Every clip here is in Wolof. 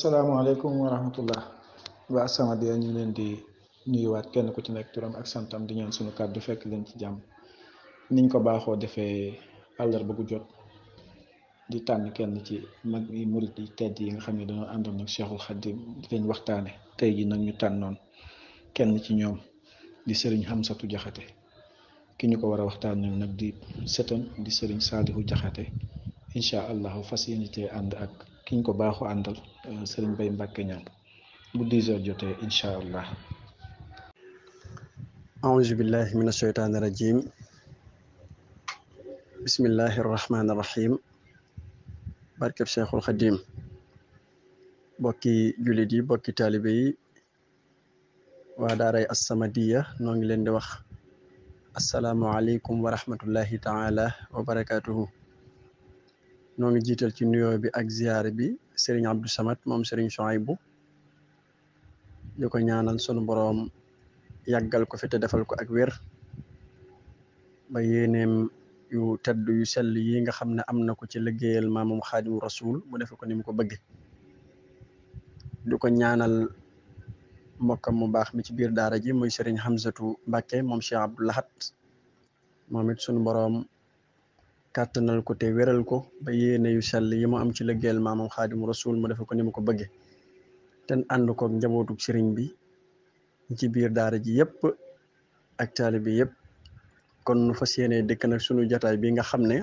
asalaamaaleykum wa rahmatullah waa Samadiyya ñu leen di nuyuwaat kenn ku ci nekk turam ak santam di ñaan suñu kàddu fekk leen ci jàmm niñ ko baaxoo defee àllarba gu jot di tànn kenn ci mag yi murit yi tedd yi nga xam ne dañoo àndoon ak Cheikhul Khadim di leen waxtaane tey ji nag ñu tànnoon kenn ci ñoom di sëriñ Hamsatu Jaxate ki ñu ko war a waxtaane nag di sëtam di sëriñ Saalihu Jaxate incha allahu fas yéene ànd ak ki ñu ko baaxu àndal euh, Serigne Baye Mbacke ñam bu 10 heures jotee incha allah aouzu billahi min asheytaani rajim bismillahi arrahmaani arrahim barkeb cheikhul xadim bokki jullit yi bokki taalibe yi waa daaray assamadiya noo ngi leen di wax asalaamualeykum wa rahmatullahi taala wa barakatuhu noo ngi jiital ci nuyoo bi ak ziyaare bi sëriñ Abdou Samad moom sëriñ bu di ko ñaanal sunu boroom yàggal ko fi te defal ko ak wér ba yéeneem yu teddu yu sell yi nga xam ne am na ko ci liggéeyal maamam xaadimu rasul mu defe ko ni mu ko bëgge di ko ñaanal mbokkam mu baax mi ci biir daara ji mooy sëriñ Hamzatu Mbàkke moom Cheikh Abdou Lahat moom it sunu boroom kàttanal ko te wéral ko ba yéene yu sell yi moo am ci lëggeel maamam xaadimu rasul mu defe ko ni mu ko bëgge ten ànd kook njabootu sëriñ bi ci biir daara ji yëpp ak taalibe bi yëpp kon nu fas yéene dëkk nag sunu jataay bi nga xam ne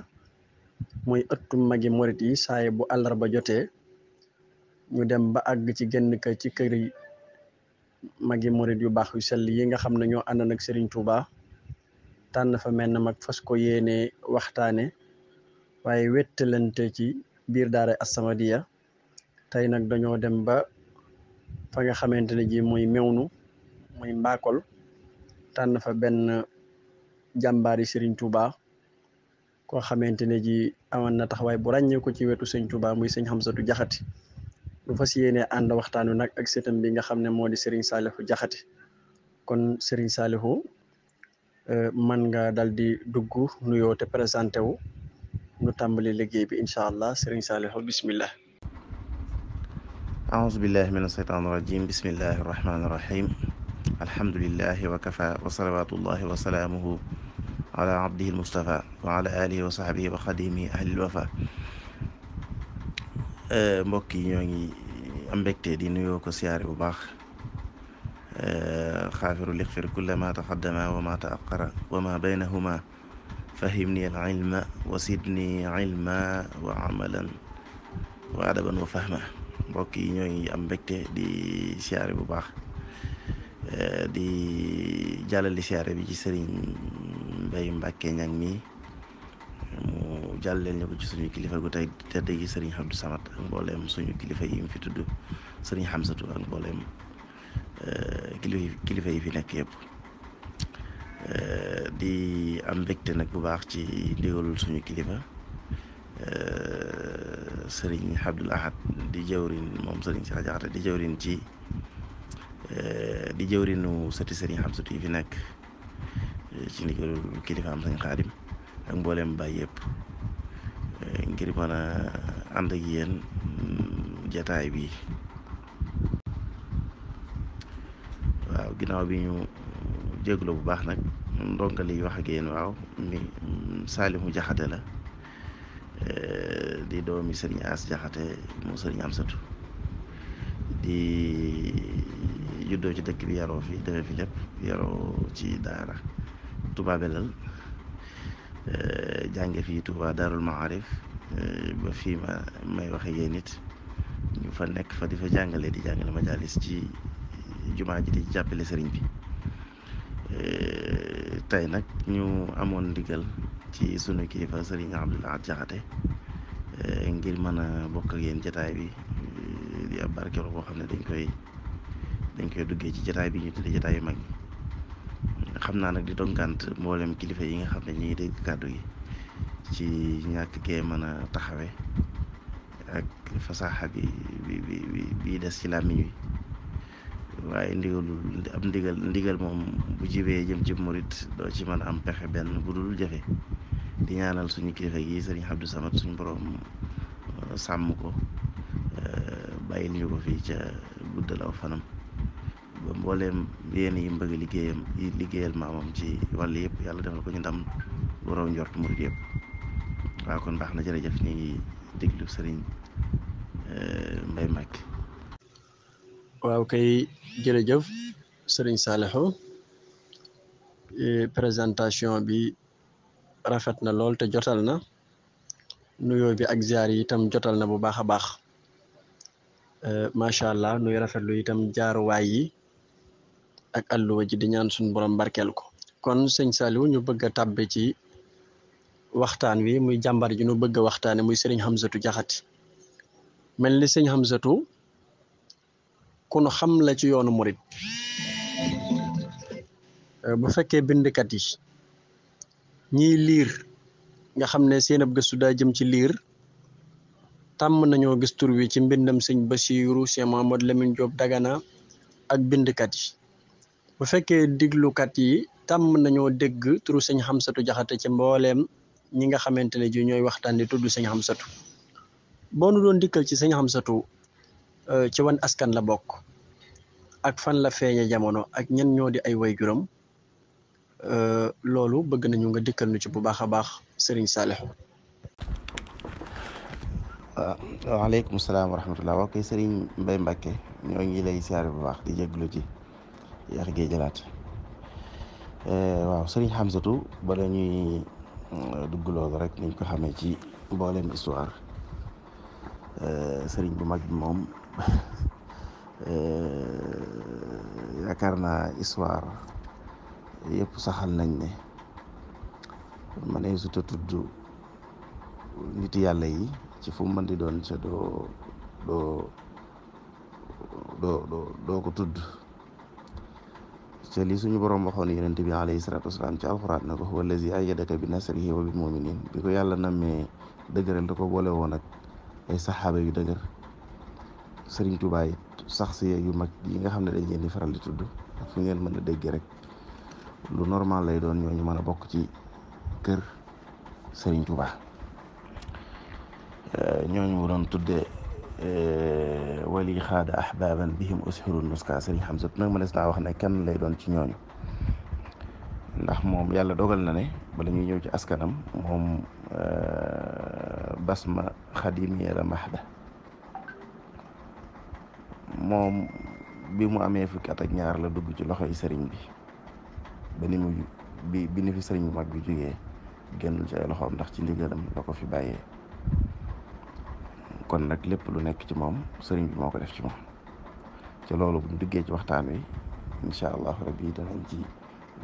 mooy ëttu magi morit yi saaye bu àllarba jotee ñu dem ba agg ci genn ka ci këri magi morit yu baax yu sell yi nga xam ne ñoo ànd nag Serigne Touba tànn fa mel mag fas ko yéene waxtaane waaye wettalante ci biir daara As-Samadiyya tey nag dañoo dem ba fa nga xamante ne ji muy mewnu muy mbaakol tànn fa benn jàmbaari Sëriñ Tuuba koo xamante ne ji amoon na taxawaay bu ràññee ci wetu sëñ Tuuba muy sëñ Xamsatu Jaxate lu fas yéene ànd waxtaan wi nag ak sëtam bi nga xam ne moo di Sëriñ Saalihu Jaxate kon Sëriñ Saalihu Euh, man nga dal di dugg nuyoo te présenté wu liggéey bi incha allah sëriñ Saalihu bismillah aouzu billahi min asheytaan irajim bismillahi irrahmani irrahim alhamdulilahi wa kafa wa salawatullahi wa salaamuhu ala abdihi almustafa wa ala alihi wa sahbihi euh, mbokk yi ñoo ngi di nuyoo bu baax xaafiru lixfir kulla ma taxaddama wa ma taaqara wa ma baynahuma fahimni al wa sidni ilma wa amalan wa fahma mbokk yi ñooy am mbégte di siyaare bu baax di jàllali siyaare bi ci sëriñ Mbay Mbàkke ñang mi mu jàllale ñu ko ci suñu kilifa gu tey tedd gi sëriñ Abdou Samad ak suñu kilifa yi mu fi tudd sëriñ Xamsatu ak mbooleem Euh, kilifa yi fi nekk yëpp euh, di am mbégte nag bu baax ci ndigalul suñu kilifa euh, sëriñ Abdul Ahad di jëwrin moom sëriñ ci Diakhaté di jëwrin ci di jëwrinu sëti sëriñ Hamsatu yi fi nekk ci ndigalul kilifa am sëriñ Xaadim ak mbooleem baay yëpp ngir mën a ànd ak mm, jataay bi ginnaaw bi ñu jégalu bu baax nag ndonga liy wax ak yéen waaw mi Saalimu Jaxate la di doomi sëriñ As Jaxate mu sëriñ Amsatu di juddoo ci dëkk bi yaroo fi defee fi lépp yaroo ci daara Touba Belal jànge fii Daarul Maarif ba fii may waxe yéen it ñu fa nekk fa di fa jàngale di jàngale majalis ci jumaa ji di jàppale sëriñ bi euh, tey nag ñu amoon ndigal ci sunu kilifa sëriñ Abdou Lahad Jaxate euh, ngir mën a bokk ak yéen jataay bi euh, di ab barkeelu boo xam ne dañ koy dañ koy duggee ci jataay bi ñu tuddee jataay yu mag yi xam naa nag di donkant mboolem kilifa yi nga xam ne ñu ngi dégg kàddu yi ci ñàkk kee mën a taxawe ak fasaxa bi bi bi bi des ci làmmiñ wi waaye ndigalul am ndigal ndigal moom bu jibee jëm ci murit doo ci mën a am pexe benn bu dul jafe diñaanal ñaanal suñu kilifa yi sëriñ Abdou Samad suñu borom euh, sàmm ko euh, bàyyil ñu fii ca guddal aw fanam ba mbooleem yéen yi mbëgg liggéeyam yi liggéeyal maamam ci wàll yëpp yàlla defal ko ñu ndam lu raw njort murit yëpp waaw kon baax na jërëjëf ñu ngi déglu sëriñ euh, mbay Mbacke waaw kay jërëjëf sëriñ Salihu e, présentation bi rafet na lool te jotal na nuyoo bi ak jaar yi itam jotal na bu baax a baax e, macha allah nuy rafetlu itam jaaruwaay yi ak àlluwa ji di ñaan suñu borom barkeel ko. kon sëñ Salihu ñu bëgg a tàbbi ci waxtaan wi muy jàmbar ji ñu bëgg a waxtaanee muy sëriñ Hamzatu Jaxate mel ni sëñ Hamzatu. ku xam la ci yoonu murit eh, bu fekkee bindkat yi ñiy liir nga xam ne seen ab gëstu daa jëm ci liir tàmm nañoo gis tur wi ci mbindam sëñ Basiiru sëñ Mamadou Lamine jóob Dagana ak bindkat yi bu fekkee diglukat yi tàmm nañoo dégg turu sëñ Xamsatu Jaxate ci mbooleem ñi nga xamante ne ji ñooy waxtaan di tudd sëñ Xamsatu boo nu doon dikkal ci sëñ Xamsatu Euh, ci wan askan la bokk ak fan la feeñe jamono ak ñan ñoo di ay wayjuram euh, loolu bëgg nañu nga dikkal nu ci bu baax a baax Serigne Saleh. Ah, waaw waaleykum salaam wa rahmatulah waa koy Serigne Mbaye Mbacke ñoo ngi lay siyaare bu baax di jégalu ci yàq gi jëlaat euh, waaw Serigne Hamzatou bala ñuy dugg loolu rek niñ ko xamee ci mboolem histoire Serigne bu mag moom. Eh, yaakaar naa histoire yépp saxal nañ ne ma ne su ta tudd nit yàlla yi ci fu mu mën di doon sa doo doo doo doo ko tudd te li suñu borom waxoon yonente bi alayhi salaatu wasalaam ci alxuraan na ko huwa allazi ayyadaka bi nasrihi wa bil muminin bi ko yàlla nammee dëgëral da ko boole woon ay saxaaba yu dëgër sëriñ Tuubaa yi sax si yu mag yi nga xam ne dañ leen di faral di tudd ak fu ngeen mën a dégg rek lu normal lay doon ñooñu mën a bokk ci kër sëriñ Tuubaa eh, ñooñu mu doon tuddee eh, wali xaada ahbaban bihim usxirul nuska sëriñ Xamsa nag mënees naa wax ne kenn lay doon ci ñooñu ndax moom yàlla dogal na ne bala ñuy ñëw ci askanam moom eh, basma xadimiya la mahda moom bi mu amee fukki at ak ñaar la dugg ci loxoy sëriñ bi ba ni mu bi bi ni fi sëriñ bu mag bi jógee génnul ci ay loxoom ndax ci ndigalam la ko fi bàyyee kon nag lépp lu nekk ci moom sëriñ bi moo ko def ci moom ci loolu buñ duggee ci waxtaan wi allah rek rabbi danañ ci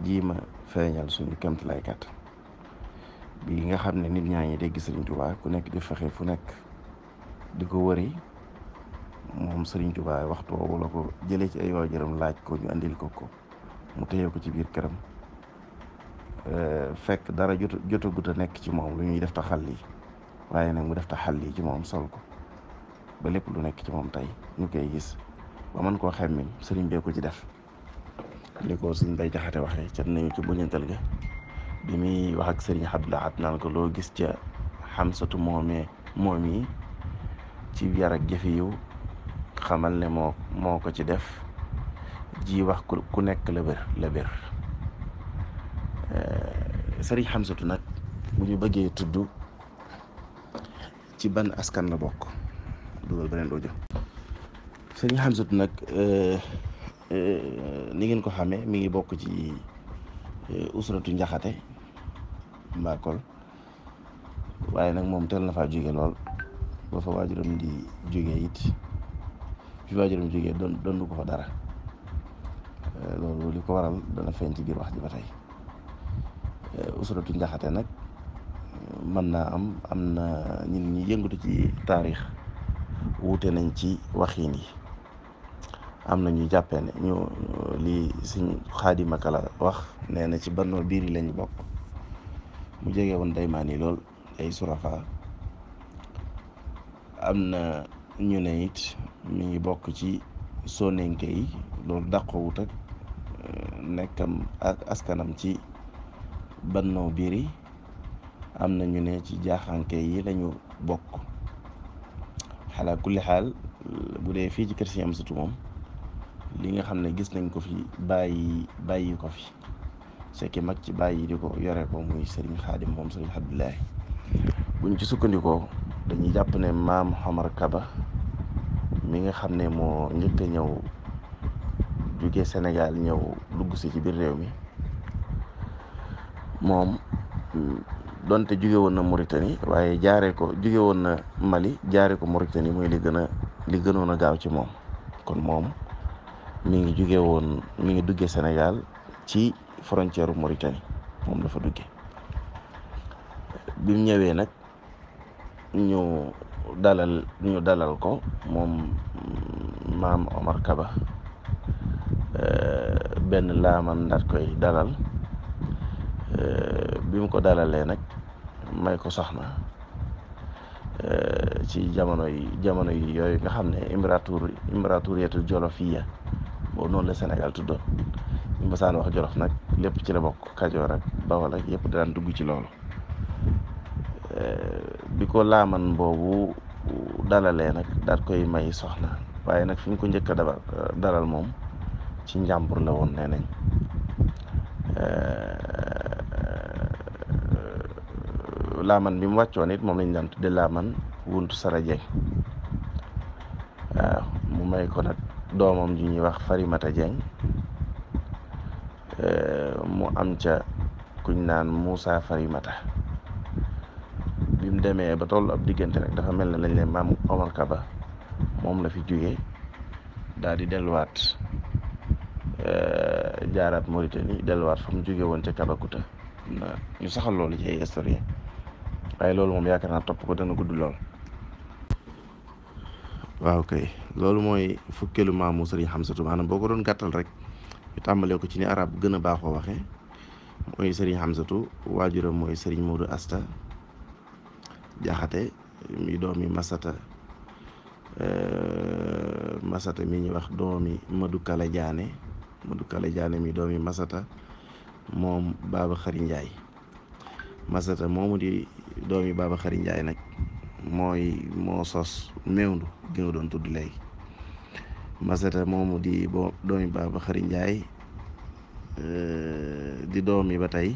jiima feeñal suñu kemt lay kat bi nga xam ne nit ñaa ngi dégg sëriñ Tuubaa ku nekk di fexee fu nekk di ko wëri moom Serigne Touba waxtu woowu la ko jëlee ci ay waajuram laaj ko ñu andil ko ko mu téye ko ci biir këram eh, fekk dara jot jotagut a nekk ci moom lu ñuy def taxal yi waaye nag mu def taxal yi ci moom sol ko ba lépp lu nekk ci moom tey ñu koy gis ba mën koo xemmin Serigne bee ko ci def ni ko Serigne Bay Jaxate waxee ca nañu ci buñantal ga bi muy wax ak Serigne Abdou Ahad ko loo gis ca Xamsatu moomee moom yi ci yarak ak jëfe xamal ne moo moo ko ci def ji wax ku nekk la bér la xam eh, sëriñ nag bu ñu bëggee tudd ci ban askan la bokk dugal beneen audio sëriñ Xamsatu nag eh, eh, ni ngeen ko xamee mi ngi bokk ci usratu njaxate mbaakol waaye nag moom teel nafa faa jóge lool ba fa waajuram di jóge it fi waajuram jógee doon doon ko fa dara euh, loolu li ko waral dana feeñ ci biir wax ji ba tey euh, usuratu nag mën na am am na ñun yëngatu ci taarix wuute nañ ci waxiin am na ñu jàppee ne ñu lii si xaadima kala wax nee na ci bannoo biir yi lañ bokk mu jege woon daymaan yi lool ay surafa am na ñu ne mi ngi bokk ci sonenke yi loolu dàqowut ak eh, nekkam ak askanam ci bannoo biri am na ñu ne ci jaaxanke yi lañu bokk xalaa kulli xaal bu dee fii ci kër si am satu moom li nga xam ne gis nañ ko fi bàyyi bàyyi ko fi sekki mag ci bàyyi di ko yore ko muy sëriñ xaadim moom sëriñ Abdullahi buñ ci sukkandikoo dañuy jàpp ne maam Xamar Kaba mi nga xam ne moo njëkk ñëw jugee senegal ñëw dugg si ci biir réew mi moom mm, donte juge woon na Mauritanie waaye jaaree ko juge na Mali jaare ko Mauritanie mooy li gën a li gënoon a gaaw ci moom kon moom mi ngi juge woon mi ngi dugge senegal ci frontière u moom dafa dugge bi ñëwee nag ñu dalal ñu dalal ko moom maam Omar Kaba eh, benn laaman daat koy dalal eh, bi mu ko dalalee nag may ko sax soxna eh, ci jamono yi jamono yi yooyu nga xam ne imbratur imbraturiyatu jolofiya boobu noonu la Sénégal tuddoon ñu masaan wax jolof nag lépp ci la bokk Kajoor ak Bawol ak yëpp daan dugg ci loolu Euh, bi ko laaman boobu dalale nag daal koy may soxna waaye nag fiñ ko njëkk a dabal euh, dalal moom ci njàmbur la woon nee nañ euh, laaman bi wàccoon it moom lañ daan de laaman wuntu sara jeng waaw mu may ko nag doomam ju ñuy wax farimata jeng mu am ca kuñ naan Moussa farimata bi demee ba toll ab diggante nag dafa mel ne lañ leen maam Omar Kaba moom la fi jógee daal di delluwaat euh, jaaraat Mauritanie delluwaat fa mu jóge woon ca Kabakuta ñu saxal loolu ci ay historien waaye loolu moom yaakaar naa topp ko dana gudd lool. waaw kay loolu mooy fukkeelu maamu Sëriñ Xamsatu boo ko doon gàttal rek ñu tàmbalee ko ci ne arab gën a baaxoo waxee mooy Sëriñ Xamsatu waajuram mooy Sëriñ Moodu Asta. jaxate mi doomi masata euh, masata mi ñuy wax doomi madu kala jaane madu kala jaane mi doomi masata moom baaba xari njaay masata moomu di doomi baaba xari njaay nag mooy moo sos mewndu gi nga doon tudd léegi masata moomu di bo doomi baaba xari euh, di doomi ba tey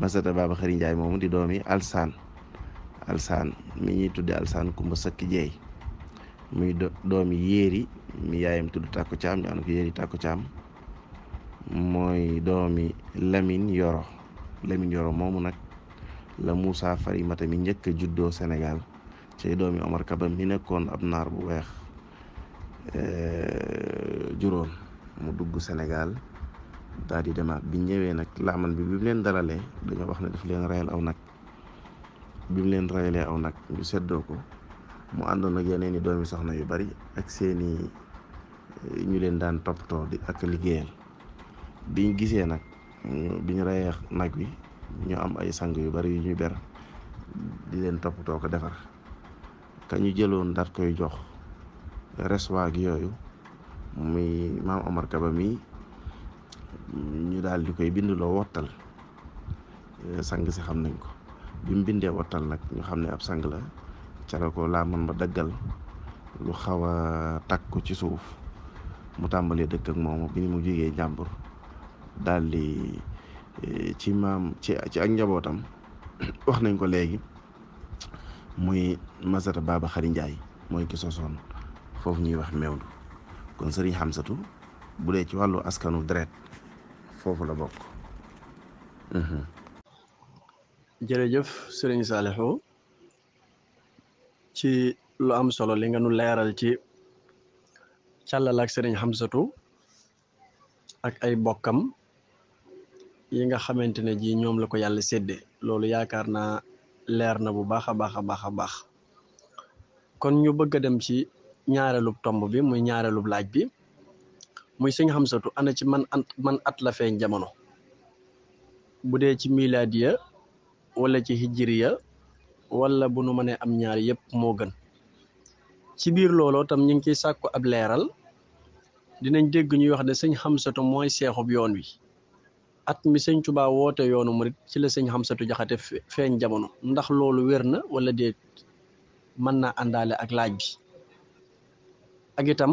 masata baaba xari njaay moomu di doomi alsaan alsaan mi ñuy tudde alsaan kumba sakki jeey muy doomi yéeri mi yaayam tudd tàkku caam ñu an ko yéeri tàkku caam mooy doomi Lamine Yoro Lamine Yoro moomu nag la Moussa Farimata mi njëkk a juddoo Sénégal ci doomi Omar Kaba mi nekkoon ab naar bu weex eh, juróom mu dugg senegal daal di demaat bi ñëwee nag laamal bi bi mu leen dalalee danga wax ne daf leen reyal aw nag bi mu leen rayalee aw nag ñu seddoo ko mu àndoon ak yeneen i doomi soxna yu bari ak seeni eh, ñu leen daan toppatoo di ak liggéeyal biñ gisee nag mm, bi ñu rayee nag wi ñu am ay sang yu bari yu ñuy ber di leen toppatoo ko defar ka ñu jëloon daat koy jox reswaag yooyu muy maam Omar Kaba ñu daldi koy bind loo wottal eh, sang si xam nañ ko bi mu bindee wattal nag ñu xam ne ab sang la ca ko laa mën ma daggal lu xaw a takku ci suuf mu tàmbalee dëkk ak moom bi ni mu jógee njàmbur daal di eh, ci maam ci ci ak njabootam wax nañ ko léegi muy masata baaba xari mooy ki sosoon foofu ñuy wax meewlu kon sëriñ satu bu dee ci wàllu askanu deret foofu la bokk mm-hmm. jërëjëf sëriñ Saliou ci lu am solo li nga nu leeral ci càllal ak sëriñ Hamsatu ak ay bokkam yi nga xamante ne ji ñoom la ko yàlla sédde loolu yaakaar naa leer na bu baax a baax a baax a baax kon ñu bëgg a dem ci ñaareelub tomb bi muy ñaareelub laaj bi muy sëñ Hamsatu ana ci man at man at la feeñ jamono bu dee ci miladiya wala ci hijriya wala bu nu mënee am ñaar yëpp moo gën ci biir looloo tam ñu ngi ciy sàkku ab leeral dinañ dégg ñuy wax ne sëñ Xamsatu mooy seexub yoon wi at mi sëñ Tuubaa woote yoonu murit ci la sëñ Xamsatu Jaxate feeñ jamono ndax loolu wér na wala déet mën naa àndaale ak laaj bi ak itam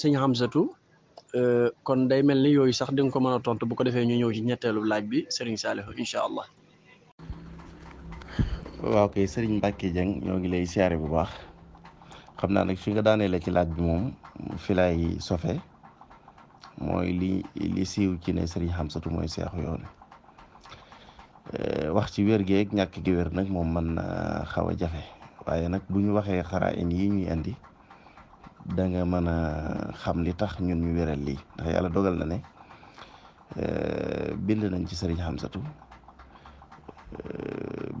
sëñ Xamsatu euh, kon day mel ni yooyu sax di nga ko mën a tontu bu ko defee ñu ñëw ci ñetteelu laaj bi Sëriñ Saalihu incha allah waaw sëriñ Serigne Mbacke Dieng ñoo ngi lay siyaare bu baax xam naa nag fi nga daanee la ci laaj bi moom filay laay sofe mooy li li siiw ci ne Serigne Hamsatu mooy seexu yoon eh, wax ci wér geeg ñàkk gi wér nag moom mën na xaw a jafe waaye nag bu ñu waxee xaraa in yi ñuy indi da nga mën a xam li tax ñun ñu wéral lii ndax yàlla dogal na ne eh, bind nañ ci Serigne Hamsatu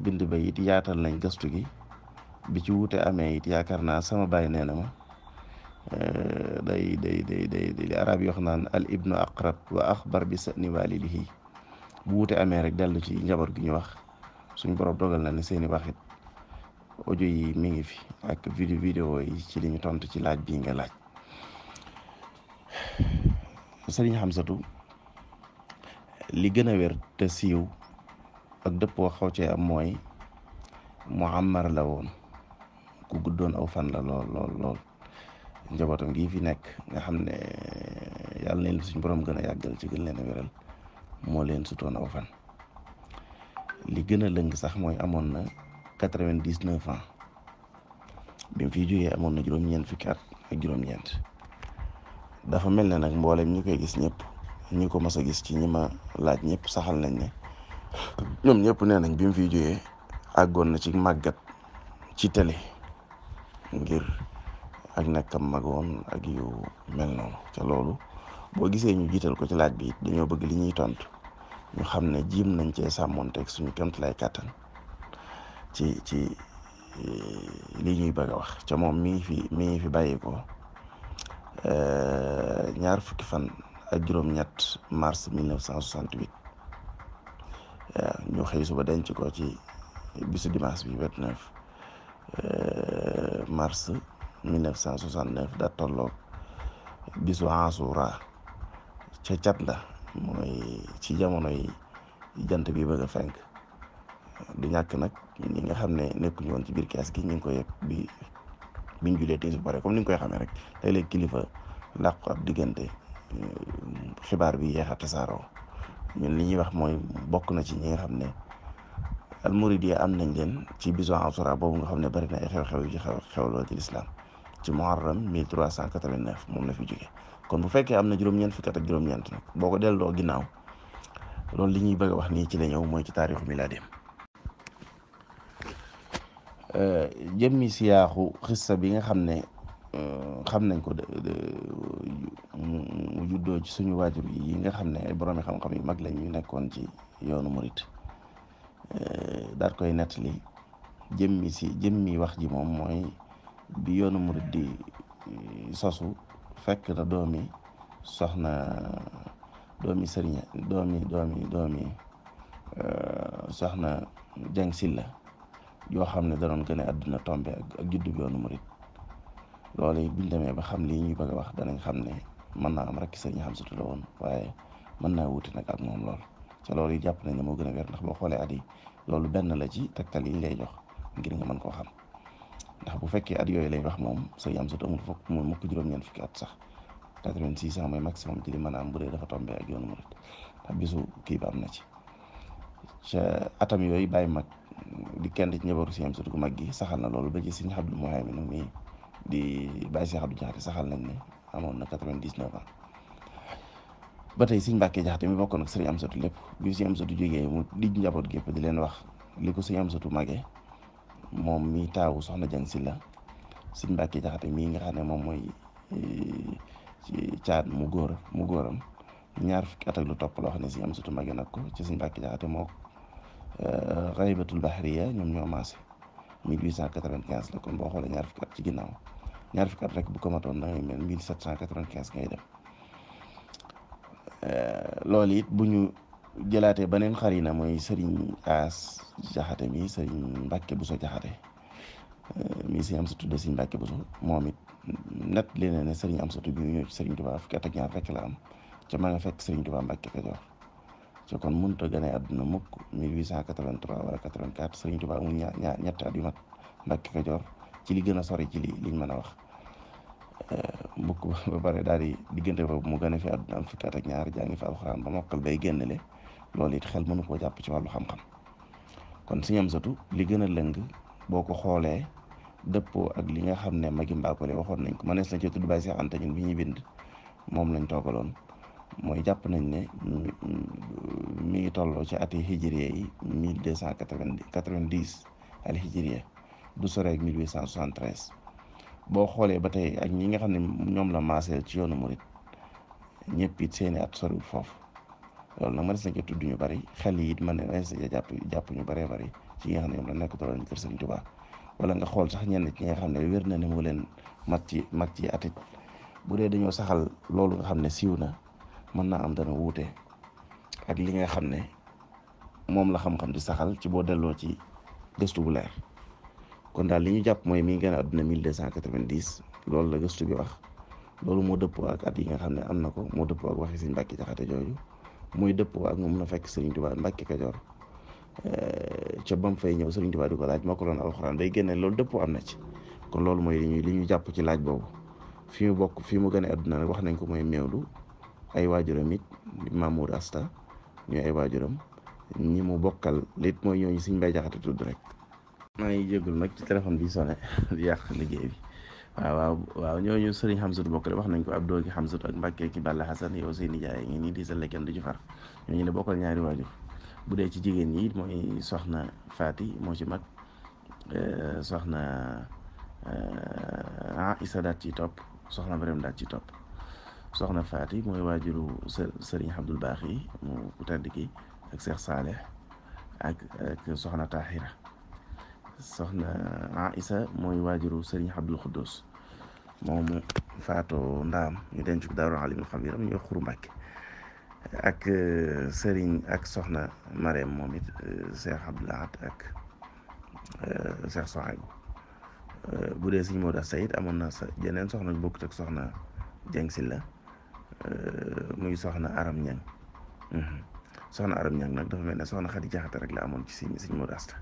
bind ba it yaatal nañ gëstu gi bi ci wuute amee it yaakaar naa sama bàyyi nee na ma eh, day day day day li yi wax al ibnu aqrab wa axbar bi sani walidihi bu wuute amee rek dellu ci njaboot gi ñu wax suñ borom dogal na ne seeni waxit ojo yi mi ngi fi ak vidéo vidéo yi ci liñu ñu tontu ci laaj bii nga laaj sëriñ Xamsatu li gën a wér te siiw ak dëppoo xaw ce am mooy muammar la woon ku guddoon aw fan la lool lool lool njabootam gi fi nekk nga xam ne yàlla nañ la suñ borom gën a yàggal ci gën leen a wéral moo leen sutoon aw fan li gën a lëng sax mooy amoon na quatre-vingt-dix-neuf ans bi mu fiy amoon na juróom-ñeent fukki at ak juróom-ñeent dafa mel ne nag mbooleem ñu koy gis ñëpp ñu ko mas a gis ci ñi laaj ñëpp saxal nañ ne ñoom ñëpp nee nañ bi mu fiy jógee àggoon na ci màggat ci télé ngir ak nekkam mag woon ak yu mel noonu ca loolu boo gisee ñu jiital ko ci laaj bi dañoo bëgg li ñuy tontu ñu xam ne jiim nañ cee sàmmonteeg suñu kéemtu lay kàttan ci ci eh, li ñuy bëgg a wax ca moom mi ngi fi mi ngi fi bàyyiko ko eh, ñaar fukki fan ak juróom-ñett mars 1968. waaw ñu xëy suba denc ko ci bisu dimanche bi 29 euh, mars 1969 da tolloog bisu Aasuraa ca cat la mooy ci jamono yi jant bi bëgg a fenk du ñàkk nag ñi nga xam ne nekkuñu woon ci biir kees gi ñu ngi koy yëg bi biñ julee tiis bu pare comme ni koy xamee rek léeg-léeg kilifa làqu ab diggante euh, xibaar bi yeex a tasaaroo ñun li ñuy wax mooy bokk na ci ñi nga xam ne almuridi am nañ leen ci bison asura boobu nga xam ne bari na ay xew-xew yu ci xew xewloo ci lislaam ci muharram 1389 moom la fi jóge kon bu fekkee am na juróom-ñeent fukk ak juróom-ñeent boo ko delloo ginnaaw loolu li ñuy bëgg a wax nii ci la ñëw mooy ci taarixu milaadeem euh, jëmmi siyaaxu xissa bi nga xam ne Euh, xam nañ ko de mu juddoo ci suñu waajur yi nga xam ne ay boroomi xam-xam yu mag lañ ñu nekkoon ci yoonu murit euh, daal koy nettali jëmmi si jëmmi wax ji moom mooy bi yoonu murit di euh, sosu fekk na doomi soxna doomi sëriñ doomi doomi doomi soxna jang silla yoo xam ne danoon gën a àdduna tombe ak juddu bi yoonu murit lool it buñ demee ba xam lii ñuy bëgg a wax danañ xam ne mën na am rek sëriñ Xamsatu la woon waaye mën naa wuute nag ak moom lool te lool yi jàpp nañ ne moo gën a wér ndax boo xoolee at yi loolu benn la ci tegtal yi ñu lay jox ngir nga mën koo xam ndax bu fekkee at yooyu lay wax moom sëriñ Xamsatu amul fukk mu mukk juróom-ñeent fukki at sax 86 ans mooy maximum ci li mën a am bu dee dafa tombé ak yoonu murit bisu kii ba am na ci ca atam yooyu bàyyi mag di kenn ci njabootu sëriñ Xamsatu gu mag gi saxal na loolu ba ci sëriñ Abdul Muhaymin mi di Baye Cheikh Abdou Diakhaté saxal nañ ne amoon na quatre-vingt-dix-neuf ans ba tey sëñ Mbàkke Jaxate mi bokkoon ko sëriñ Amsatu lépp bi sëriñ Amsatu jógee mu dij njaboot gépp di leen wax li ko sëriñ Amsatu màggee moom mi taawu soxna Jang Silla sëñ Mbàkke Jaxate mii nga xam ne moom mooy eh, caat mu góor mu góoram ñaar fukki at lu topp loo xam ne sëriñ Amsatu màggee nag ko ci sëñ Mbàkke Jaxate moo Raybatul Bahriya ñoom ñoo maase 1895 la kon boo xoolee ñaar fukki at ci ginnaaw ñaar fukki at rek bu ko matoon na ngay mel mille sept cent quatre-vingt-quinze ngay dem euh, loolu it bu ñu jëlaatee beneen xarina mooy seriñ As Jaxate mi Serigne Mbàkke Buso Jaxate euh, mi Serigne Amsatu de Serigne Mbàkke Buso moom it net li ne ne Serigne Amsatu bi ñëw ci Serigne Touba fukki at ak ñaar rek la am ca ma nga fekk Serigne Touba Mbàkke Kajoor ca kon mënut a gane àdduna mukk 1883 wala 84 Serigne Touba amul ñaar ñaar ñetti at yu mat Mbàkke Kajoor ci li gën a sori ci li liñ mën a wax mbokk eh, ba pare daal di diggante boobu mu gën a fi àdduna am fukki at ñaar jàngi fi alxuraan ba mokkal bay génn le loolu it xel mënu koo jàpp ci wàllu xam-xam kon si ñam satu li gën a lëng boo ko xoolee dëppoo ak li nga xam ne magi Mbakole waxoon nañ ko mënees nañ ci tudd Baye Cheikh Anta ñun bi ñuy bind moom lañ toogaloon mooy jàpp nañ ne mi ngi tolloo ci ati hijriya yi mille deux cent quatre-vingt-dix al hijriya du sore ak 1873 boo xoolee ba tey ak ñi nga xam ne ñoom la maaseel ci yoonu murit ñëpp it seeni at soriwul foofu loolu nag mënees na ci tudd ñu bari xel it man mënees na jàpp jàpp ñu bëree bari ci nga xam ne ñoom la nekk doon kër Sëriñ Tuubaa wala nga xool sax ñenn ci ñi nga xam ne wér na ne mu leen mat ci mat ci atit bu dee dañoo saxal loolu nga xam ne siiw na mën na am dana wuute ak li nga xam ne moom la xam-xam di saxal ci boo delloo ci gëstu bu leer kon daal li ñu jàpp mooy mi ngi génn àdduna 1290 loolu la gëstu bi wax loolu moo dëppoo ak at nga xam ne am na ko moo dëppoo ak waxi si Mbàkke Jaxate jooju mooy dëppoo ak mu mun a fekk Serigne Touba Mbàkke Kajoor euh, ca ba mu fay ñëw Serigne Touba di ko laaj moo ko doon alxuraan day génne loolu dëppoo am na ci kon loolu mooy li ñu li ñu jàpp ci laaj boobu fi mu bokk fi mu gën a àdduna wax nañ ko mooy meewlu ay waajuram it Mamour Asta ñooy ay waajuram ñi mu bokkal lit mooy ñooñu Serigne Mbay Jaxate tudd rek maa ngi jégalu nag ci téléphone bi sonné di liggéey bi waaw waaw waaw ñooñu sëriñ Hamsatu bokk wax nañ ko Abdou ki Hamsatu ak Mbàkke ki Balla Xasan yow seen nijaay ngi nii di sa lekkan du ci far ñooñu ne bokkal ñaari waajur bu dee ci jigéen ñi mooy soxna Faati moo ci mag eh, soxna eh, ah, Isa daat ci topp soxna Mariyam daat ci topp soxna Faati mooy waajuru sëriñ Abdul Baax yi mu ku tedd ki ak Seex Saaleh ak soxna Tahira soxna Aïssa mooy waajuru Serigne Abdul Xuddus moomu faatoo ndaam ñu denc ko daaru alimul xabiram ñu xuru Mbàkke ak euh, sëriñ ak soxna Marème moom it euh, Cheikh Abdoul ak euh, Cheikh Sohaybu bu dee Serigne Modou Sayid amoon na jeneen soxna bokkut ak soxna Jeng Silla muy soxna Aram Ñang mhm. soxna Aram Ñang nag dafa mel ne soxna Xadi Jaxate rek la amoon ci Serigne Modou Asta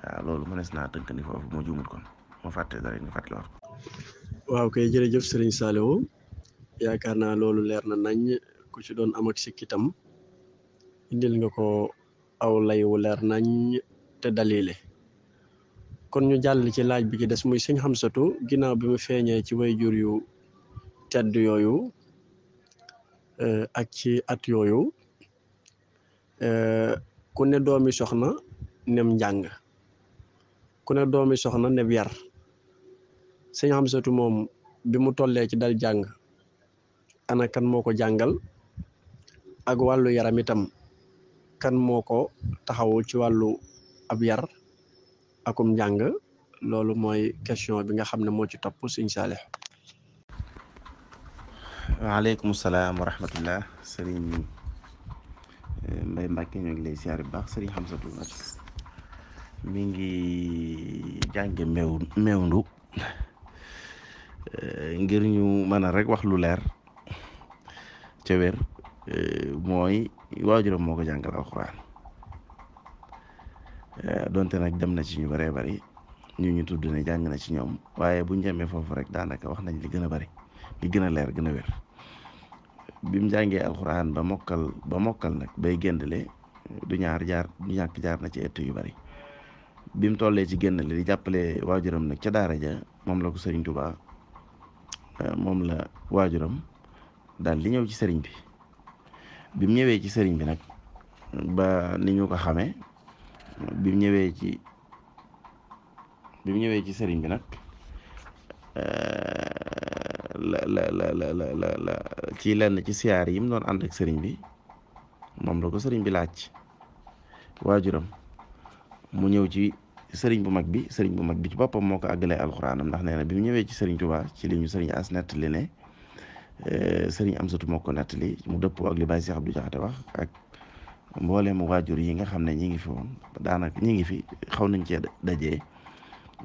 waaw loolu mënees naa tënk ni foofu ma jërëjëf sëriñ Saliou yaakaar naa loolu leer na nañ ku ci doon am ak sikkitam indil nga ko aw lay wu leer nañ te dalile kon ñu jàll ci laaj bi ci des muy sëñ Xamsatu ginnaaw bi mu feeñee ci jur yu tedd yooyu eh, ak ci at yooyu eh, ku ne doomi soxna nem njàng ku ne doomi soxna neb yar sëñ Xamsatu moom bi mu tollee ci dal jàng ana kan moo ko jàngal ak wàllu yaram itam kan moo ko taxawu ci wàllu ab yar akum jàng loolu mooy question bi nga xam ne moo ci topp sëñ Saalix waaleykum salaam wa rahmatullah sëriñ Mbay Mbàkke ñu ngi lay siyaar bu baax sëriñ mi ngi jànge meew meewndu eh, ngir ñu mën rek wax lu leer ca wér eh, mooy waajuram moo ko jàngal alxuraan eh, donte nag dem na ci ñu bare bari ñu ñu tudd ne jàng na ci ñoom waaye bu ñu demee foofu rek daanaka wax nañ li gën a bëri li gën a leer gën a wér bi mu jàngee alxuraan ba mokkal ba mokkal nag bay géndale du ñaar jaar du ñàkk jaar na ci ëtt yu bari bi mu tollee ci génn li di jàppale waajuram nag ca daara ja moom la ko sëriñ Touba euh, moom la waajuram daal li ñëw ci sëriñ bi bi ñëwee ci sëriñ bi nag ba ni ñu ko xamee bim ñëwee ci bi ñëwee ci sëriñ bi nag euh, la la la ci lenn ci siyaar yi mu doon ànd sëriñ bi moom la ko sëriñ bi laaj waajuram. mu ñëw ci sëriñ bu mag bi sëriñ bu mag bi ci boppam moo ko àggalee alxuraanam ndax nee na bi mu ñëwee ci sëriñ Tuubaa ci li ñu sëriñ as nettali ne eh, sëriñ Amsatu moo ko nettali mu dëppoo ak li Baay Seex Abdu Jaxate wax ak mbooleem waajur yi nga xam ne ñi ngi fi woon daanaka ñi ngi fi xaw nañ cee dajee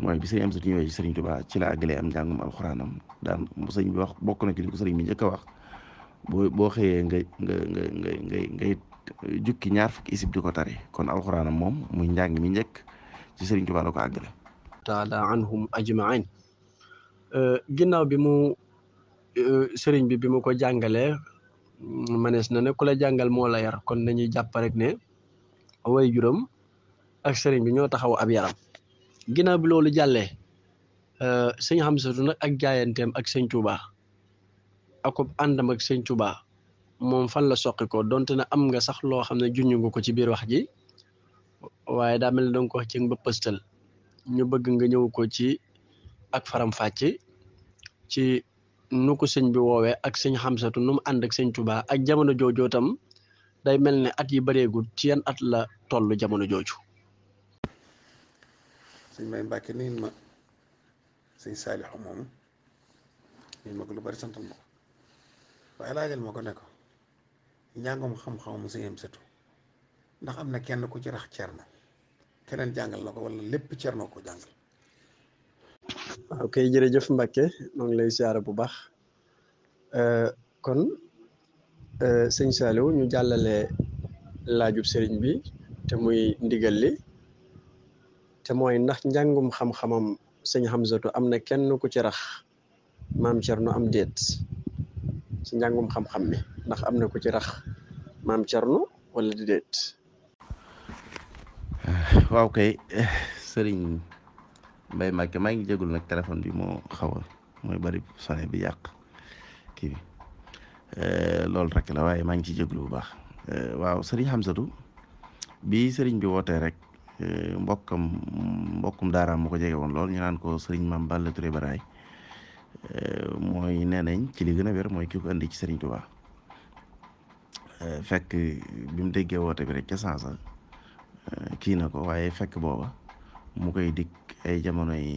mooy bi sëriñ Amsatu ñëwee ci sëriñ Tuubaa ci la àggalee am njàngum alxuraanam daan sëriñ bi wax bokk na ci li sëriñ bi njëkk wax boo boo xëyee nga nga nga ngay ngay jukki ñaar fukki isib di ko tari kon alxuraanam moom muy njàng mi njëkk ci Sëriñ Tuubaa la ko àggale taala anhum ajmain euh, ginnaaw bi mu euh, sëriñ bi bi mu ko jàngalee manees na ne ku la jàngal moo yar kon nañuy jàpp rek ne way juróom ak sëriñ bi ñoo taxaw ab yaram ginnaaw bi loolu jàllee euh, sëñ Xamsatu nag ak jayanteem ak sëñ Tuubaa akub àndam ak sëñ Tuubaa moom fan la soqi donte na am nga sax loo xam ne junj nga ko ci biir wax ji waaye daa mel ne danga ko wax ci ba pëstal ñu bëgg nga ñëw ko ci ak faram-fàcc ci nu ko sëñ bi woowee ak sëñ xamsatu nu mu ànd ak sëñ tubaa ak jamono joojoo tam day mel ne at yi bareegul ci yan at la toll jamono jooju. sëñ Baye Mbacke nii lu bari santal ma ko waaye laajal ko ne njàngum xam-xamam si yem ndax am na kenn ku ci rax cerno keneen jàngal na ko wala lépp cerno ko jàngal. waaw kay jërëjëf Mbacke maa ngi lay siyaare bu baax euh, kon euh, sëñ Saliou ñu jàllale laajub sëriñ bi te muy ndigal li te mooy ndax njàngum xam-xamam sëñ Hamzatu am na kenn ku ci rax maam Cerno am déet. njangum njàngum xam-xam mi ndax am na ku ci rax maam Cerno wala di déet waaw kay Mbay Mbàkke maa ngi jégul nag téléphone bi moo xaw a mooy bari soné bi yàq kii bi eh, loolu rek la waaye maa ngi ci jéglu bu baax eh, waaw sëriñ satu bi sëriñ bi wootee rek eh, mbokkam mbokkum dara mu ko jege woon lool ñu naan ko seriñ maam Balla Touré Baraay Euh, mooy nee nañ ci li gën a wér mooy ki ko indi ci Serigne Touba euh, fekk bi mu déggee woote bi rek ca sansa euh, kii na ko waaye fekk booba mu koy dikk ay jamono yi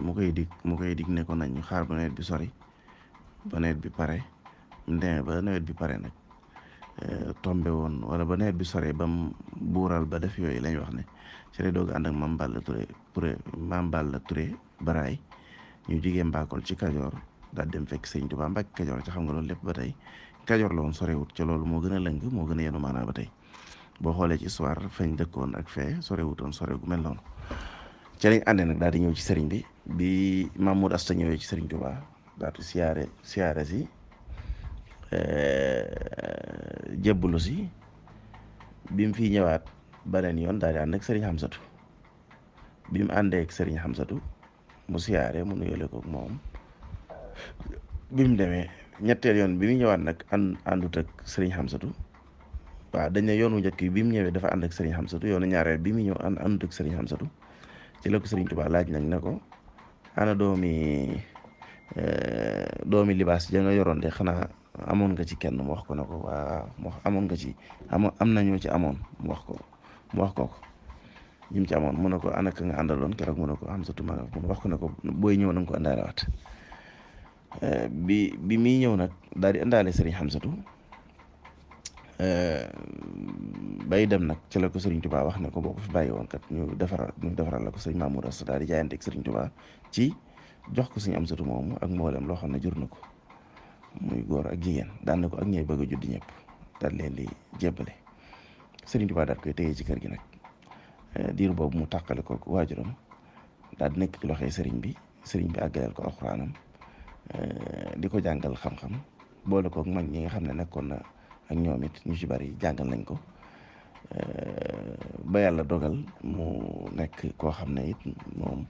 mu koy dig mu koy dig ne nañ ñu xaar ba nawet bi sori ba nawet bi pare mu ba nawet bi pare nag tombe woon wala ba nawet bi soree ba mu buural ba def yooyu lañ wax ne ci lay doog ànd ak Mame Balla Touré Touré Mame Balla Touré Baraay ñu jigee mbaakol ci kajoor daal dem fekk sëñ Tuubaa Mbàkke kajoor ci xam nga loolu lépp ba tey kajoor la woon sorewut ca loolu moo gën a lëng moo gën a yenu maanaa ba tey boo xoolee ci histoire fañ dëkkoon ak fee sorewutoon sore gu mel noonu ca lañ nag daal di ñëw ci sëriñ bi bi Mahmoud Asta ñëwee ci sëriñ Tuubaa daal di siyaare si eh, jébbalu si bi mu fiy ñëwaat beneen yoon daal di ànd ak sëriñ Hamsatu bi mu àndee ak sëriñ Hamsatu mu siyaare mu nuyoo ko moom bi mu demee ñetteel yoon bi mu ñëwaat nag ànd àndut ak sëriñ Xamsatu waaw dañ ne yoonu njëkk yi bi mu ñëwee dafa ànd ak sëriñ Xamsatu yoonu ñaareel bi mu ñëw ànd àndut ak sëriñ Xamsatu ci la ko sëriñ Tuubaa laaj nañ ne ko ana doomi eh, doomi libaas ja nga yoroon de xanaa amoon nga ci kenn mu wax ko na ko waaw amoon nga ci amoon am nañoo ci amoon mu wax ko mu wax ko ñim ci amoon mu ne ko ana ka nga àndaloon keroog mu ne ko am satu maga kon ko booy ñëw na ko àndaale waat eh, bi bi muy ñëw nag daal di àndaale sëriñ Xamsatu eh, bay dem nag ci la ko sëriñ tubaa wax ne ko boo ko fi bàyyi woon kat ñu defaral ñu defaral la ko sëriñ Mamour so daal di jaayante ak sëriñ Tuubaa ci jox ko am satu moomu ak mboolem loo xam ne jur na ko muy góor ak jigéen daan na ko ak ñooy bëgg a judd ñëpp daal leen di jébbale sëriñ Tuubaa daal koy téye ci kër gi nag diir boobu mu tàqale kook waajuram daal di nekk ci loxoy sëriñ bi sëriñ bi àggaleel ko alxuraanam eh, di ko jàngal xam-xam boole kook mag ñi nga xam ne nekkoon na ak ñoom it ñu ci bari jàngal nañ ko eh, ba yàlla dogal mu nekk koo xam ne it moom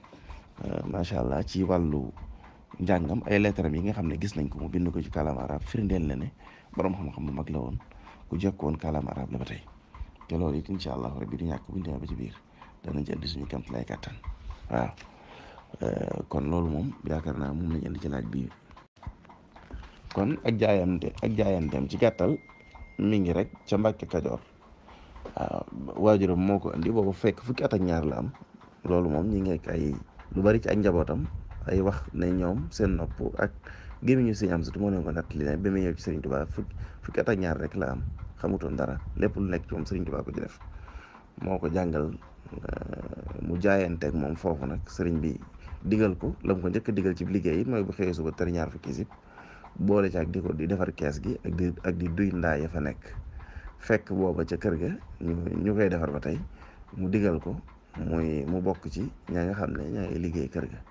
eh, macha allah ci wàllu njàngam ay leetaram yi nga xam ne gis nañ ko mu bind ko ci kàllaama arab firndeel na ne borom xam-xam bu la woon ku jekk woon kàllaama arab la ba tey. te loolu it incha allah rabbi du ñàkk bu ñu demee ba ci biir danañ ci indi suñu kemt lay kattan waaw euh, kon loolu moom yaakaar naa moom lañ indi ci laaj bi kon ak jaayante ak jaayanteem ci gàttal mi ngi rek ca Mbàkke Kajoor waaw waajuram moo ko boobu fekk fukki at ak ñaar la am loolu moom ñi ngi ay lu bari ci ay njabootam ay wax ne ñoom seen nopp ak gémmiñu sëñ am moo leen ko nettali ne bi mu ñëw ci Serigne Touba fukki fukki at ak ñaar rek la am xamutoon dara lépp lu nekk ci moom Serigne Touba ko ci def moo ko jàngal euh, mu jaayanteeg moom foofu nag Serigne bi digal ko lam ko njëkk digal ci liggéey mooy bu xëyee suba tër ñaar fukki sib boole ci ak di di defar kees gi ak di di duy ndaa ya fa nekk fekk booba ca kër ga ñu koy defar ba tey mu digal ko mu bokk ci ñaa nga xam ne ña ngay liggéey kër ga.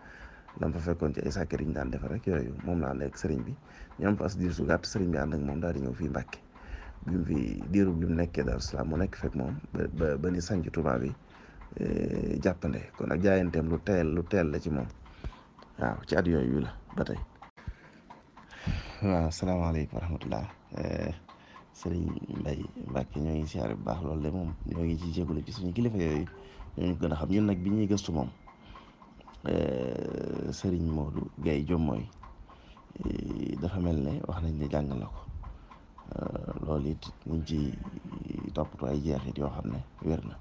dama fa fekkoon ci ay sàkkari ñu daan defar rek yooyu moom laa ànd ak bi ñu am fa as diir su gàtt sëriñ bi ànd ak moom daal di ñëw fii Mbàkke bi mu fi diirub bi mu nekkee Salaam mu nekk fekk moom ba ba ni sanc eh, jàppande kon ak jaayanteem lu teel lu teel la ci moom waaw ci at yooyu la ba tey. waaw salaamaaleykum wa rahmatulah eh, sëriñ Mbaye Mbacke ñoo ngi siyaare bu baax loolu de ñoo ngi ci jégalu ci suñu kilifa yooyu ñoo ñu ñun nag bi ñuy gëstu moom. Euh, sëriñ Modou Guèye Jommooy euh, dafa mel ne wax nañ ne jàng na ko euh, lool it ñu ci ciy toppatoo ay jeexit yoo xam ne wér na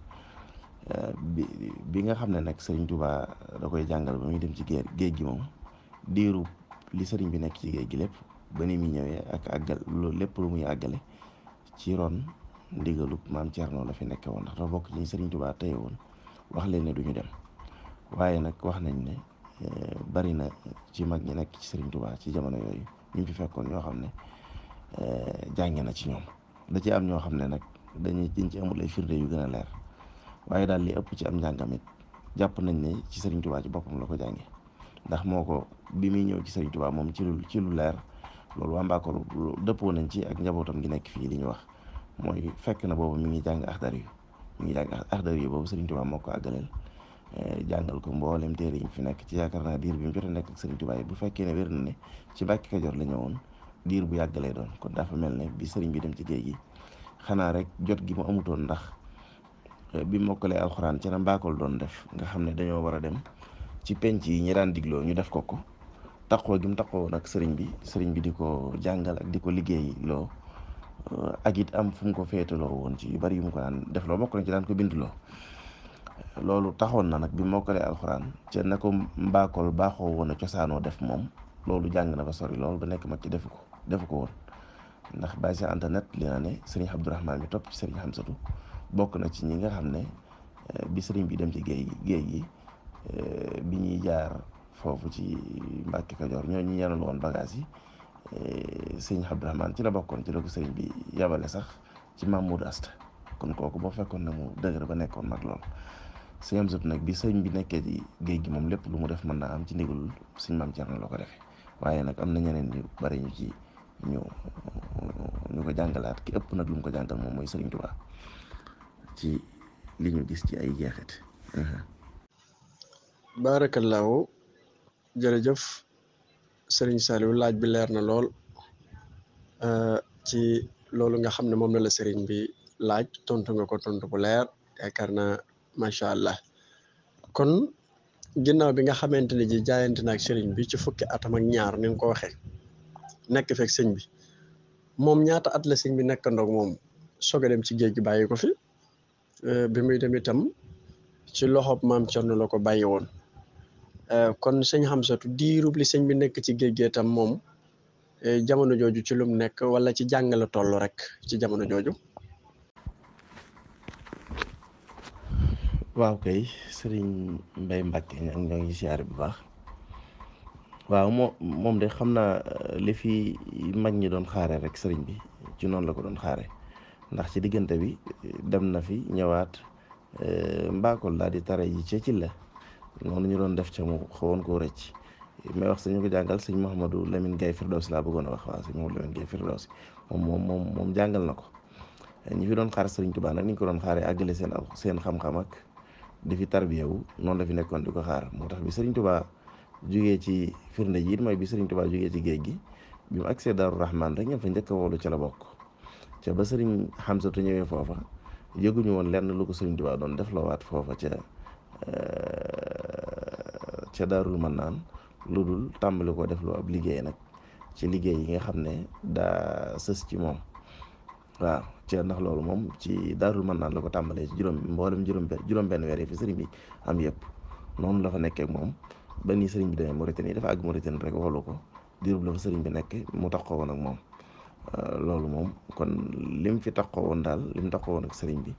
bi bi nga xam ne nag sëriñ Touba da koy jàngal ba muy dem ci géej géej gi moom li sëriñ bi nekk ci géej gi lépp ba ni mu ñëwee ak àggal lépp lu muy àggale ci ron ndigalub maam Thierno la fi nekke woon ndax dafa bokk ci sëriñ tubaa tey woon wax leen ne du ñu dem. waaye nag wax nañ ne eh, bari na ci mag ñi nekk ci Sëriñ Tuubaa ci jamono yooyu ñu fi fekkoon ñoo xam ne eh, jànge na ci ñoom da ci am ñoo xam ne nag dañuy dañ ci amul ay yu gën a leer waaye daal li ëpp ci am njàngam jàpp nañ ne ci Sëriñ Tuubaa ci boppam la ko jànge ndax moo ko bi muy ñëw ci Sëriñ Tuubaa moom ci lu ci lu leer loolu waa Mbàkke lu dëppoo nañ ci ak njabootam gi nekk fii li ñu wax mooy fekk na boobu mi ngi jàng axdar yu mi ngi jàng axdar yu boobu Sëriñ Tuubaa moo ko àggaleel Eh, jàngal ko mboolem téere yi fi nekk ci yaakaar naa diir bi mu jot a nekk ak Serigne Touba bu fekkee ne wér na ne ci Mbàkke joor la ñëwoon diir bu yàgg lay doon kon dafa mel ne bi Serigne bi dem ci géej gi xanaa rek jot gi mu amutoon ndax eh, bi mokkalee alxuraan ca na mbaakol doon def nga xam ne dañoo war a dem ci penc yi ñi daan digloo ñu def ko ko taqoo gi mu taqoo nag Serigne bi Serigne bi di ko jàngal ak di ko liggéey loo eh, ak am fu mu ko féetaloo woon ci yu bari yu mu ko naan def loo bokk na ci daan ko bindloo loolu taxoon na nag bi mokkalee alxuraan ca na ko mbaakool baaxoo woon a cosaanoo def moom loolu jàng na ba sori loolu ba nekk mag ci defu ko defu ko woon ndax bàyyi sa internet li na ne sëriñ Abdourahman bi topp ci sëriñ Hamsatu bokk na ci ñi nga xam ne eh, bi sëriñ bi dem ci géej gi géej gi eh, bi ñuy jaar foofu ci Mbàkke Kajoor ñoo ñu yenoon woon bagage yi eh, sëriñ Abdourahman ci la bokkoon ci la ko sëriñ bi yabale sax ci Mamour Asta kon kooku boo fekkoon na mu dëgër ba nekkoon mag lool sëñ am sëb nag bi sëñ bi nekkee ci géej gi moom lépp lu mu def mën naa am ci ndigal sëñ maam Cerno la ko defee waaye nag am na ñeneen ñu bari ñu ci ñu ñu ko jàngalaat ki ëpp nag lu mu ko jàngal moom mooy Sëriñ Tuubaa ci li gis ci ay jeexit. baarakallaahu jërëjëf sëriñ Saliou laaj bi leer na lool ci loolu nga xam ne moom la la sëriñ bi laaj tontu nga ko tontu bu leer yaakaar macha allah kon ginnaaw bi nga xamante ne ji jaayante na ak sëriñ bi ci fukki atam ak ñaar ni nga ko waxee nekk fek sëñ bi moom ñaata at la sëñ bi nekk ndoog moom soog a dem ci géej gi bàyyi ko fi euh, bi muy dem itam ci loxob maam Cerno ko bàyyi woon euh, kon sëñ Xamsatu diirub li sëñ bi nekk ci géej gi itam moom euh, jamono jooju ci lum nekk wala ci jàng la toll rek ci jamono jooju. waaw kay sëriñ Mbay Mbàkke ñoo ngi siyaare bu baax waaw moo moom de xam naa euh, li fi mag ñi doon xaare rek sëriñ bi ci noonu la ko doon xaare ndax ci diggante bi euh, dem na fi ñëwaat euh, mbaakol daal di tare ji ca ci la noonu ñu doon def ca mu xawoon koo rëcc may wax sañu ko jàngal sëñ Mouhamadou Lamine Gaye Firdaws laa bëggoon a wax waaw sëñ Mouhamadou Lamine Gaye Firdaws moom moom moom moom jàngal na ko ñi fi doon xaar sëriñ tu nag ni ñu ko doon xaare àggale seen seen xam-xam di fi tarbiyawu noonu la fi nekkoon di ko xaar moo tax bi Serigne Touba jugee ci firnde ji it mooy bi Serigne Touba jugee ci géej gi bi mu agsee Daaru Rahman rek ñam fa njëkk a woolu ca la bokk ca ba sëriñ Serigne Hamsatu ñëwee foofa yëguñu woon lenn lu ko Serigne Touba doon def la waat foofa ca euh, ca Daarul Mannaan lu dul tàmbali ko def loo ab liggéey nag ci liggéey yi nga xam ne daa sës ci moom waaw ca ndax loolu moom ci daal daarul man naan la ko tàmbalee ci juróom mboolem juróom-benn juróom-benn weer yi fi sëriñ bi am yëpp noonu la fa nekkee ak moom ba nii sëriñ bi demee Mauritanie dafa àgg Mauritanie rek wolu ko diirub la fa sëriñ bi nekk mu taxoo woon ak moom euh, loolu moom kon lim fi taxoo woon daal lim taxoo woon ak sëriñ bi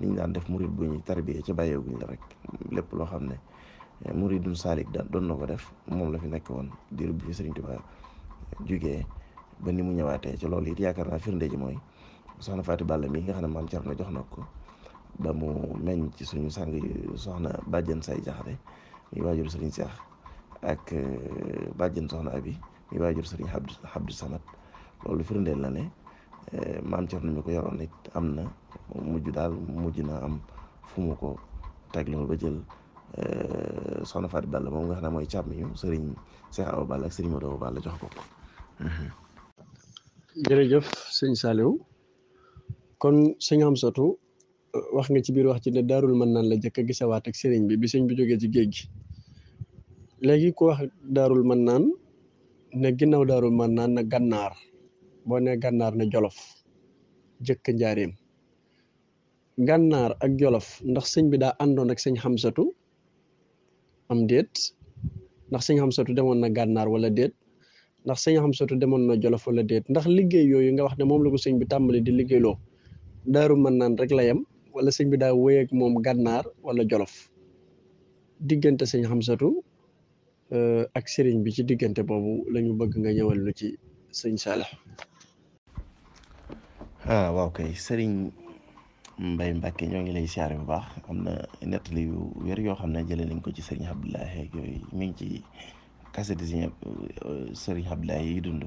niñ mm, daan def murid bu ñuy tarbiyee ci bàyyeeguñ la rek lépp loo xam ne eh, muridun saalik daan doon na ko def moom la fi nekk woon diirub bi fi sëriñ Tuubaa jugee ba ni mu ñëwaatee ci lool it yaakaar naa firnde ji mooy soxna Fatou Balla mi nga xam ne maam Thierno jox na ko ba mu ci suñu sang soxna bàjjen say jaxate muy waajur sëriñ Seex ak euh, bàjjen soxna abi muy waajur sëriñ Abdu Abdu Samad loolu firndeel la ne euh, ko yoroon it am na mujj daal mujj naa am fu mu ko ba jël euh, soxna Fatou Balla moom nga xam ne mooy càmmiñu sëriñ Seex Awa Balla ak sëriñ Modou Awa Balla jox ko ko jërëjëf sëñ Saliou kon sëñ Amsatu wax nga ci biir wax ci ne daarul mën naan la jëkk a gisawaat ak sëriñ bi bi sëñ bi jógee ci géej léegi ku wax daarul mën naan ne ginnaaw daarul man naan na gànnaar boo ne gànnaar ne jolof jëkk njaareem gànnaar ak jolof ndax sëñ bi daa àndoon ak sëñ Amsatu am déet ndax sëñ Amsatu demoon na gànnaar wala déet ndax sëñ Amsatu demoon na jolof wala déet ndax liggéey yooyu nga wax ne moom la ko sëñ bi tàmbali di liggéeyloo daaru mën naan rek la yem wala sëñ bi daa wéy ak moom gànnaar wala jolof diggante sëñ xamsatu euh, ak sëriñ bi ci diggante boobu lañu bëgg nga ñëwal lu ci sëñ Saalix ah waaw kay sëriñ Mbay Mbàkke ñoo ngi lay siyaare bu baax am na nettali yu wér yoo xam ne jële nañ ko ci sëriñ Abdoulaye yooyu mi ngi ci kaset si euh, sëriñ Abdoulaye yi dund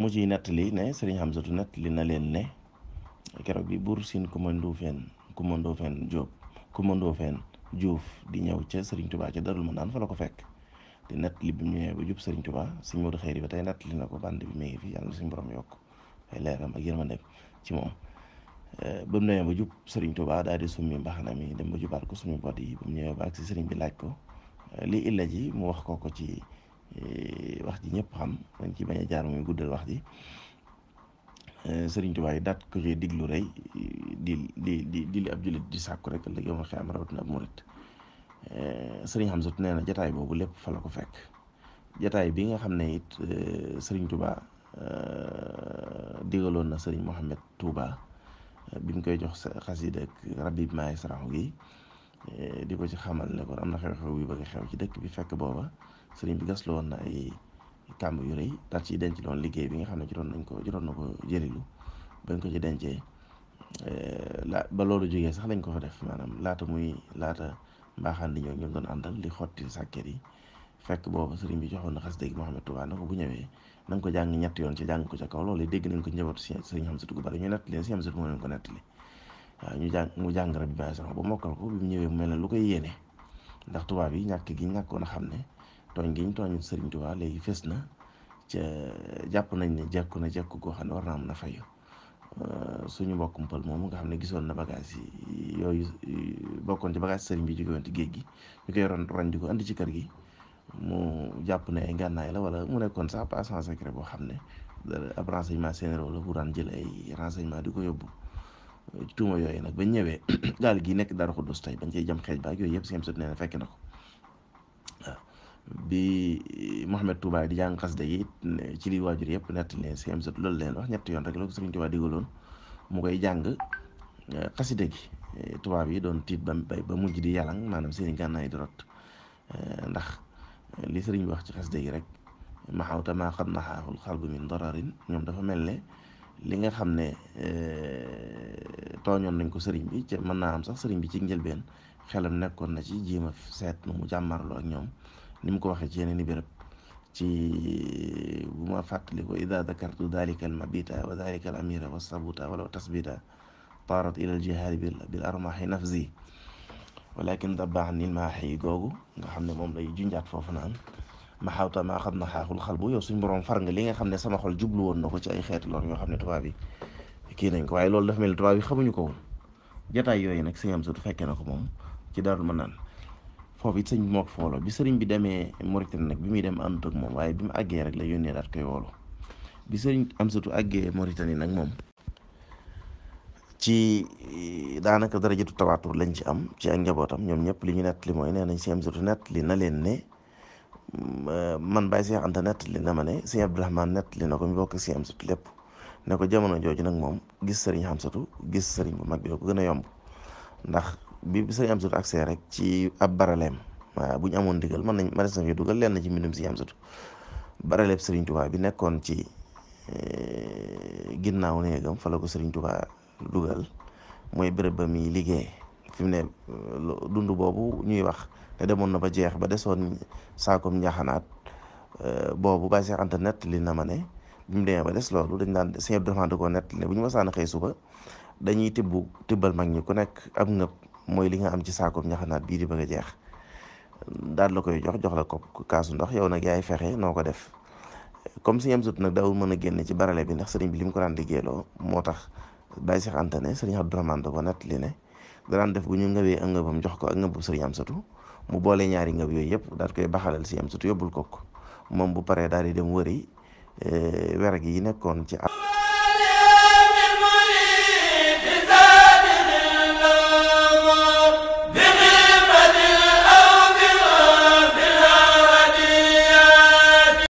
mu ciy nettali ne sëriñ Xamsatu nettali na leen ne keroog bi buur siin kumandoo fenn kumandoo fen Jóob kumandoo fenn Juuf di ñëw ca Serigne Touba ca darul ma naan fa la ko fekk di nett li bi ba jub Serigne Touba suñ Modou Xeyri ba tey nett li na ko band bi mu ngi fi suñ borom yokk leeram ak yërmande ci moom eh, ba mu ñëwee ba jub sëriñ Touba daal di summi mbaxana mi dem ba jubaat ko summi bot yi ba mu ñëwee ba ak si Serigne bi laaj ko eh, lii illa ji mu wax ko ko ci eh, wax ji ñëpp xam dañ ci bañ a jaar muy guddal wax ji Euh, sëriñ Tuubaa yi daat ko cee diglu rey di di di di li ab jullit di sàkku rek la yow xeam rawatina ab murit euh, sëriñ Hamzatu nee na jataay boobu lépp fa ko fekk jataay bi nga xam ne it euh, sëriñ Tuubaa digaloon na sëriñ Mohamed Touba bi mu koy jox xasida ak rabbi bi maay saraxu gi di ko ci xamal ne kon am na xew-xew yu bëgg xew ci dëkk bi fekk booba sëriñ bi gas la na ay kàmb yu rëy daal ci denc doon liggéey bi nga xam ne ci doon nañ ko ci doon na ko jëriñu bañ ko ci dencee eh, la ba loolu jógee sax lañ ko fa def maanaam laata muy laata mbaaxaan di ñëw ñoom doon àndal di xotti sàkket yi fekk boobu sëriñ bi joxoon na xas dégg Mouhamed Touba na ko bu ñëwee na nga ko jàng ñetti yoon ci ko ca kaw dégg nañ ko njabootu si sëriñ Hamsatu gu bari ñu nett leen si Hamsatu moo leen ñu jàng mu jàng rabbi bàyyi sama ba mokkal ko bi ñëwee mu mel ne lu koy yéene ndax tubaab yi ñàkk gi ñàkkoon a xam ne tooñ gi ñu tooñ tu waa léegi fes na ca jàpp nañ ne jekku na jekku goo xam ne war na am na fayu euh, suñu mbokkum pël moomu nga xam ne gisoon na bagage yi yooyu bokkoon ci bagage sëriñ bi jóge woon ci géej gi ñu koy ron ron ko andi ci kër gi mu jàpp ne ay ngànnaay la wala mu nekkoon sax pas sans secret boo xam ne ab renseignement généraux la bu daan jël ay renseignement di ko yóbbu euh, tuuma yooyu nag bañ ñëwee gaal gi nekk Darou Khoudoss tey bañ cey jëm xeej baak yooyu yëpp siem sot nee na fekk na ko bi eh, Mouhamed Touba di jàng xasida yi ci li waajur yëpp nett leen si am sat loolu leen wax ñetti yoon rek la ko Sëriñ Touba digaloon mu koy jàng eh, xasida gi eh, tubaab yi doon tiit ba ba mujj di yàllang maanaam seeni gànnaay di ndax li sëriñ bi wax ci xasida yi rek maxawta maa xad naxaahul xalbu min dararin ñoom dafa mel ne li nga xam ne tooñoon nañ ko sëriñ bi ca mën naa am sax sëriñ bi ci njëlbeen xelam nekkoon na ci jéem a seet nu mu jàmmarloo ak ñoom ni ko waxee ci yeneen i béréb ci bu ma fàttali ko ida dakartu dalika almabita wa dalika alamira wa sabuta a tasbita taarat ila aljihaadi bil armahi nafsi walakin dabaax ni maaxi googu nga xam ne moom lay junjaat foofu naan ma xawta maa xam na xaaxul xal bu yow suñ boroom far nga li nga xam ne sama xol jublu woon na ko ci ay xeet lool ñoo xam ne tubaab yi kii nañ ko waaye loolu dafa mel ni tubaab yi xamuñu ko woon yooyu nag si am su fekkee na ko moom ci daarul ma naan foofu yi sëñ bi moo ko fooloo bi sëriñ bi demee Mauritanie nag bi muy dem ànd ak moom waaye bi mu àggee rek la yónnee daat koy woolu bi sëriñ Amsatu àggee Mauritanie nag moom ci eh, daanaka darajatu tawaatur lañ ci am ci ak ñoom ñëpp li ñu nett li nee nañ sëñ Amsatu nett li na leen ne mm, man Baye Cheikh Anta nett ma ne sëñ Abdourahmane nett na ko mi bokk ak sëñ lépp ne ko jamono jooju nag moom gis sëriñ xam Amsatu gis sëriñ bu mag bi ko gën a yomb ndax bi sëñ am sut accès rek ci ab baraleem waaw bu ñu amoon ndigal mën nañ manes na fi dugal leen na ci mbindum sëñ am sut baraleem sëriñ bi nekkoon ci eh, ginnaaw néegam fa la ko sëriñ Tuubaa dugal mooy béréb ba muy liggéey fi mu ne dund boobu ñuy wax te demoon na ba jeex ba desoon saakom njaxanaat eh, boobu bàyyi seex anta nett li na ma ne bi mu demee ba des loolu dañ daan sëñ Abdou Rahman da nett li ne bu ñu masaana xee suba dañuy tibb tibbal mag ñi ku nekk am ngëb mooy li nga am ci saakoom ñaxanaat bii di bëgg a jeex daal la koy jox jox la ko kasu ndox yow gaa yi fexe noo ko def comme si am sut nag daawul mën a génne ci barale bi ndax sëriñ bi li mu ko daan liggéeyloo moo tax bàyyi Seex ne sëriñ Abdourahmane da ko nett li ne daan def bu ñu ngëbee ak ngëbam jox ko ak ngëbu sëriñ am satu mu boole ñaari ngëb yooyu yëpp daal koy baxalal si am satu yóbbul ko ko moom bu paree daal di dem wari eh, werg yi nekkoon ci at